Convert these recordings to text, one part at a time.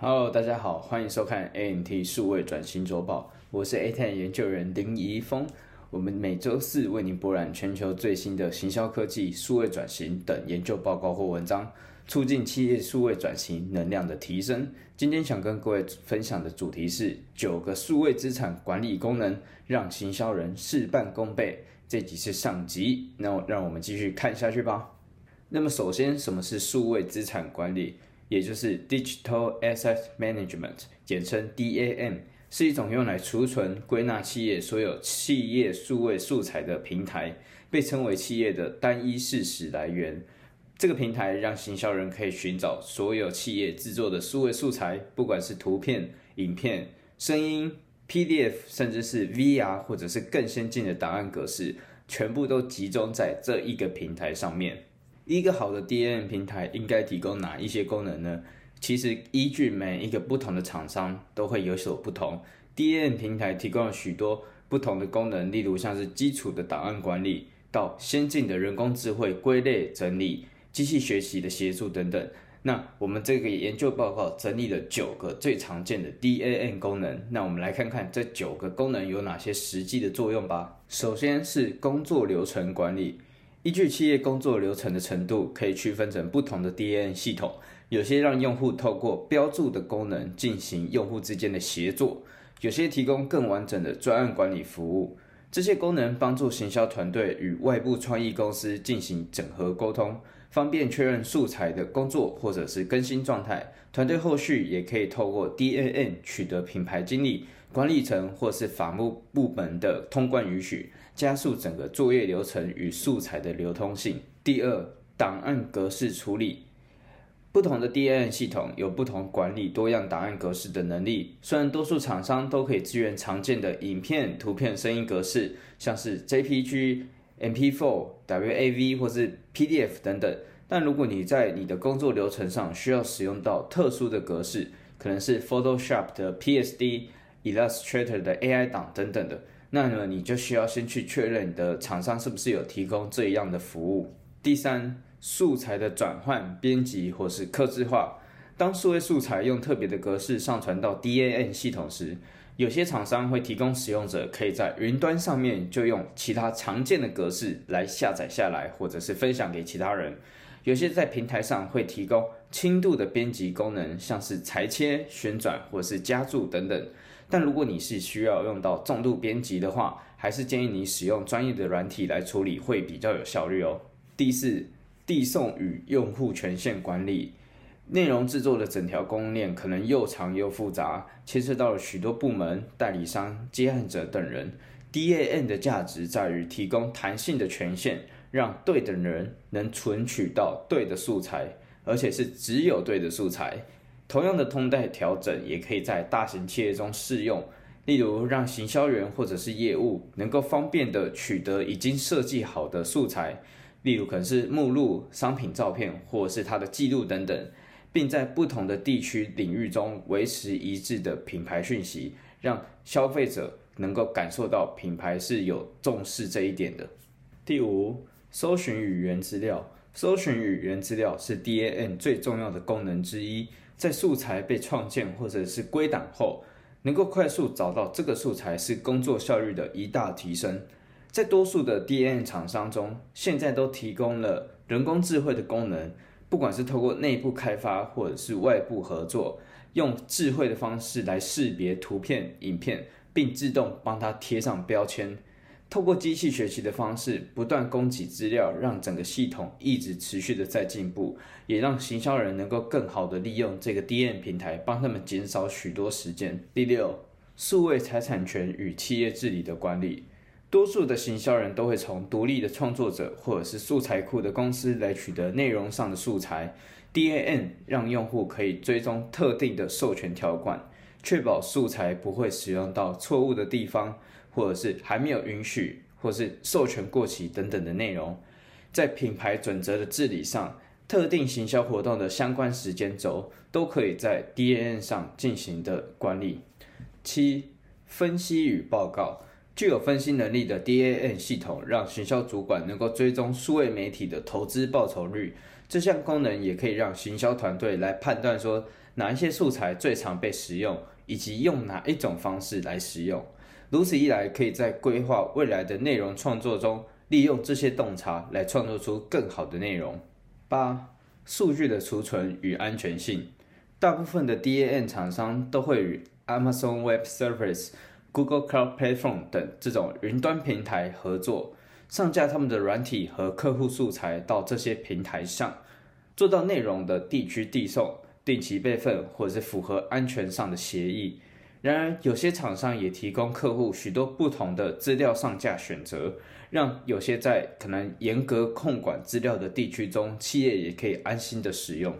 Hello，大家好，歡迎收看 AMT 數位轉型週報，我是 AMT 研究員林怡峰。我們每週四為您博覽全球最新的行銷科技、數位轉型等研究報告或文章，促進企業數位轉型能量的提升。今天想跟各位分享的主題是九個數位資產管理功能，讓行銷人事半功倍。這集是上集，那讓我們繼續看下去吧。那麼，首先，什麼是數位資產管理？也就是 Digital Asset Management，簡稱 DAM，是一種用來儲存、歸納企業所有企業數位素材的平台，被稱為企業的單一事實來源。這個平台讓行銷人可以尋找所有企業制作的數位素材，不管是圖片、影片、聲音、PDF，甚至是 VR 或者是更先進的檔案格式，全部都集中在這一個平台上面。一個好的 DAM 平台應該提供哪一些功能呢？其實依據每一個不同的廠商都會有所不同。DAM 平台提供了許多不同的功能，例如像是基礎的檔案管理，到先進的人工智慧歸類整理、機器學習的協助等等。那我們這個研究報告整理了九個最常見的 DAM 功能，那我們來看看這九個功能有哪些實際的作用吧。首先是工作流程管理。依據企業工作流程的程度，可以區分成不同的 DAM 系統。有些讓用戶透過標注的功能進行用戶之間的協作，有些提供更完整的專案管理服務。這些功能幫助行銷團隊與外部創意公司進行整合溝通，方便確認素材的工作或者是更新狀態。團隊後續也可以透過 DAM 取得品牌經理、管理層或是法務部門的通關允許。加速整個作業流程與素材的流通性。第二，檔案格式處理，不同的 DAM 系統有不同管理多樣檔案格式的能力。雖然多數廠商都可以支援常見的影片、圖片、聲音格式，像是 J P G、MP4、W A V 或是 P D F 等等，但如果你在你的工作流程上需要使用到特殊的格式，可能是 Photoshop 的 P S D、Illustrator 的 A I 檔等等的。那麼你就需要先去確認你的廠商是不是有提供這樣的服務。第三，素材的轉換、編輯或是客製化。當數位素材用特別的格式上傳到 DAM 系統時，有些廠商會提供使用者可以在雲端上面就用其他常見的格式來下載下來，或者是分享給其他人。有些在平台上會提供輕度的編輯功能，像是裁切、旋轉或是加注等等。但如果你是需要用到重度編輯的話，還是建議你使用專業的軟體來處理會比較有效率哦。第四，遞送與用戶權限管理，內容製作的整條供應鏈可能又長又複雜，牽涉到了許多部門、代理商、接案者等人。DAM 的價值在於提供彈性的權限，讓對的人能存取到對的素材，而且是只有對的素材。同樣的通貸調整也可以在大型企業中適用，例如讓行銷員或者是業務能夠方便的取得已經設計好的素材，例如可能是目錄、商品照片或者是它的記錄等等，並在不同的地區領域中維持一致的品牌訊息，讓消費者能夠感受到品牌是有重視這一點的。第五，搜尋語言資料，搜尋語言資料是 DAM 最重要的功能之一。在素材被創建或者是歸檔後，能夠快速找到這個素材是工作效率的一大提升。在多數的 DAM 廠商中，現在都提供了人工智慧的功能，不管是透過內部開發或者是外部合作，用智慧的方式來識別圖片、影片，並自動幫它貼上標籤。透過機器學習的方式，不斷供給資料，讓整個系統一直持續的在進步，也讓行銷人能夠更好的利用這個 DAM 平台，幫他們減少許多時間。第六，數位財產權與企業治理的管理，多數的行銷人都會從獨立的創作者或者是素材庫的公司來取得內容上的素材。DAM 讓用戶可以追蹤特定的授權條款，確保素材不會使用到錯誤的地方。或者是還沒有允許，或是授權過期等等的內容，在品牌準則的治理上，特定行銷活動的相關時間軸都可以在 DAM 上進行的管理。七、分析與報告，具有分析能力的 DAM 系統讓行銷主管能夠追蹤數位媒體的投資報酬率。這項功能也可以讓行銷團隊來判斷說，哪一些素材最常被使用，以及用哪一種方式來使用。如此一來，可以在規劃未來的內容創作中，利用這些洞察來創作出更好的內容。八、數據的儲存與安全性。大部分的 DAM 廠商都會與 Amazon Web Service、Google Cloud Platform 等這種雲端平台合作，上架他們的軟體和客戶素材到這些平台上，做到內容的地區遞送、定期備份或者是符合安全上的協議。然而，有些廠商也提供客戶許多不同的資料上架選擇，讓有些在可能嚴格控管資料的地區中，企業也可以安心的使用。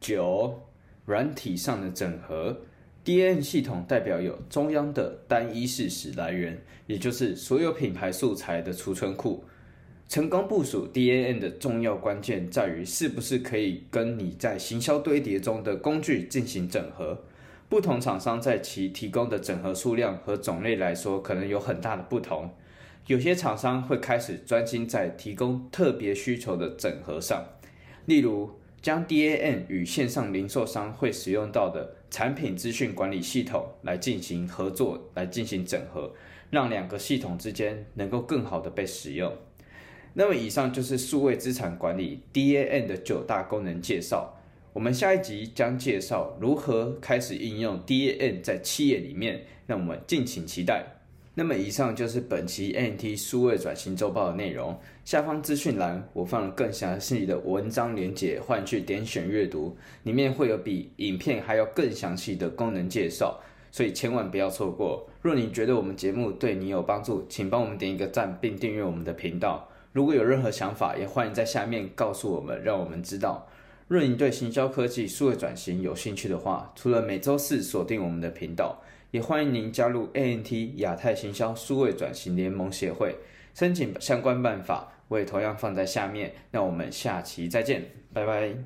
九，軟體上的整合，DAM 系統代表有中央的單一事實來源，也就是所有品牌素材的儲存庫。成功部署 DAM 的重要關鍵在於是不是可以跟你在行銷堆疊中的工具進行整合。不同廠商在其提供的整合數量和種類來說，可能有很大的不同。有些廠商會開始專心在提供特別需求的整合上，例如將 DAM 與線上零售商會使用到的產品資訊管理系統來進行合作，來進行整合，讓兩個系統之間能夠更好的被使用。那麼，以上就是數位資產管理 DAM 的九大功能介紹。我們下一集將介紹如何開始應用 DAM 在企業裡面，讓我們敬請期待。那麼，以上就是本期 AMT 數位轉型週報的內容。下方資訊欄我放了更詳細的文章連結，歡迎去點選閱讀，裡面會有比影片還要更詳細的功能介紹，所以千萬不要錯過。若你覺得我們節目對你有幫助，請幫我們點一個讚並訂閱我們的頻道。如果有任何想法，也歡迎在下面告訴我們，讓我們知道。若您對行銷科技、數位轉型有興趣的話，除了每週四鎖定我們的頻道，也歡迎您加入 AMT 亞太行銷數位轉型聯盟協會，申請相關辦法，我也同樣放在下面。那我們下期再見，拜拜。